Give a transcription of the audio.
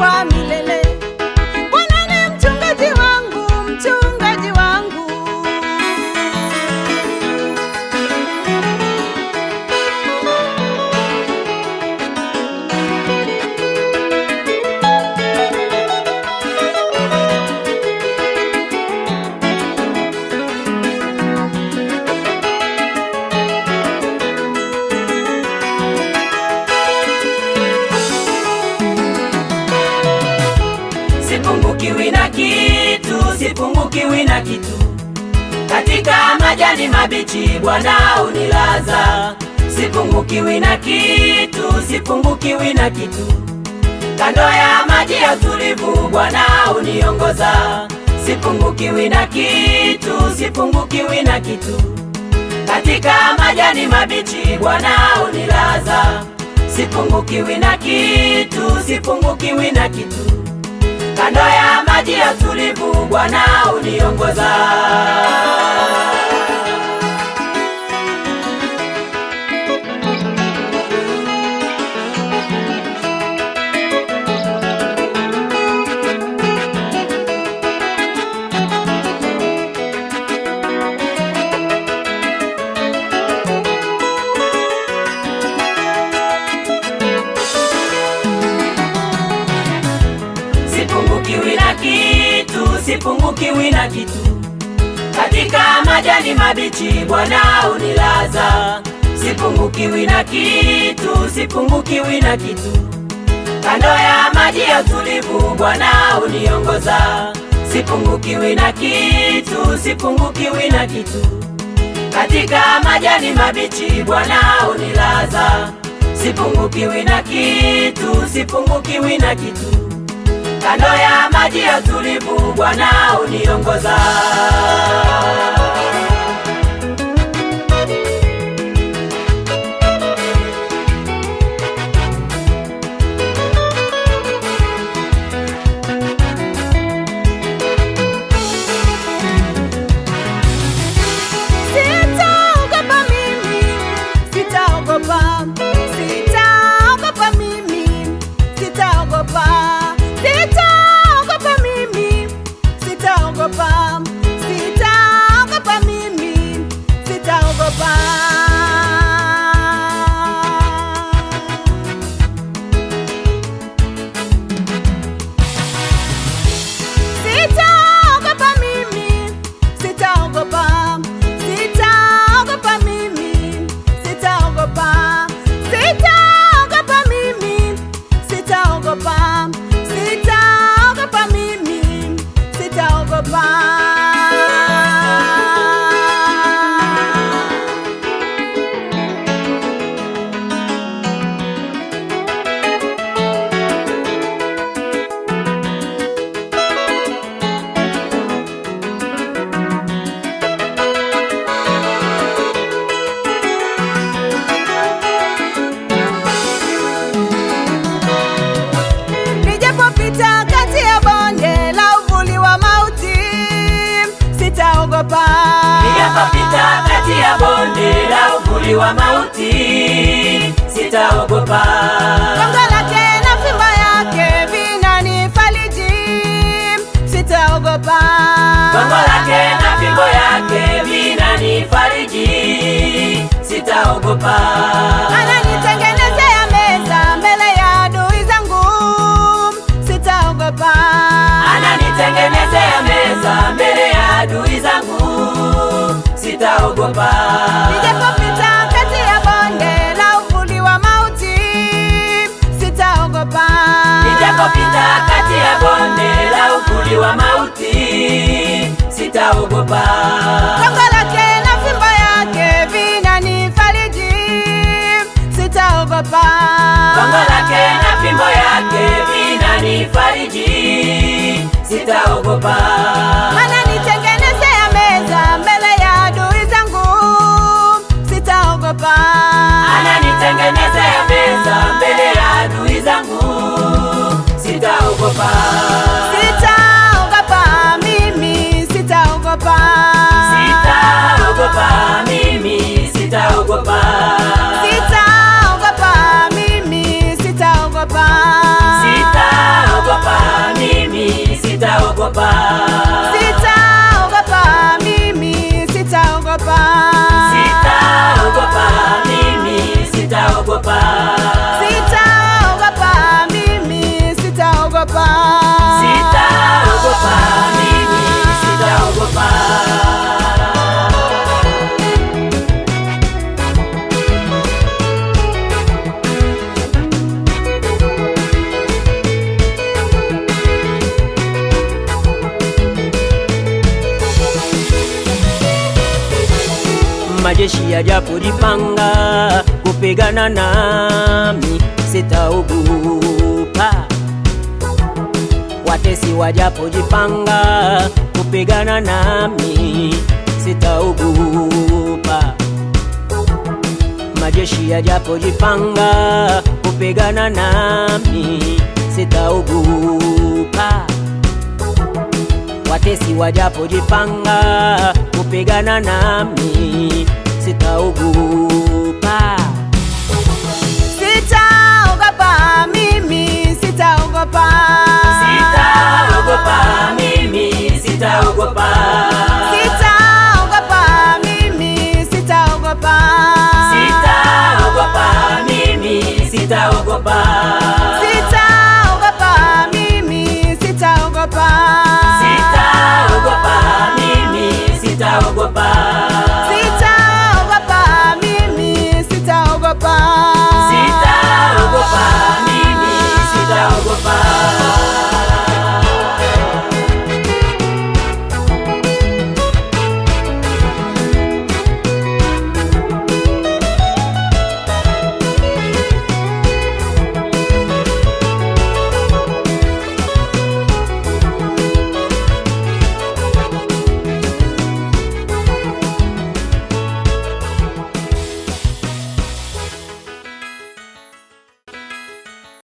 kwa milele. sina kitu, sipungukiwi na kitu. Katika majani mabichi Bwana unilaza, sipungukiwi na kitu, sipungukiwi na kitu. Kando ya maji ya utulivu Bwana uniongoza, sipungukiwi na kitu, sipungukiwi na kitu. Katika majani mabichi Bwana unilaza, sipungukiwi na kitu, sipungukiwi na kitu kando ya maji ya tulivu, Bwana uniongoza majani mabichi, Bwana unilaza, sipungukiwi na kitu, sipungukiwi na kitu. Kando ya maji ya utulivu, Bwana uniongoza, sipungukiwi na kitu, sipungukiwi na kitu. Katika majani mabichi, Bwana unilaza, sipungukiwi na kitu, sipungukiwi na kitu kando ya maji ya tulivu, Bwana uniongoza. nikiwa mauti sitaogopa. Gongo lake na fimbo yake vinanifariji, sitaogopa. Gongo lake fimbo yake vinanifariji, sitaogopa. Ananitengenezea meza mbele ya adui zangu, sitaogopa. Ananitengenezea meza mbele ya adui zangu, sitaogopa. Nijapopita kati ya bonde la uvuli wa mauti, sitaogopa. Gongo lake na fimbo yake vinanifariji, sitaogopa. Gongo lake na fimbo yake vinanifariji, sitaogopa. Mana meza mbele ya adui zangu, sitaogopa. Ana love. majeshi yajapojipanga kupigana nami sitaogopa, watesi wajapojipanga kupigana nami sitaogopa, majeshi yajapojipanga kupigana nami sitaogopa. Watesi wajapojipanga kupigana nami, sitaogopa, sitaogopa mimi, sitaogopa, sitaogopa mimi, sitaogopa, sitaogopa mimi, sitaogopa, sitaogopa mimi, sitaogopa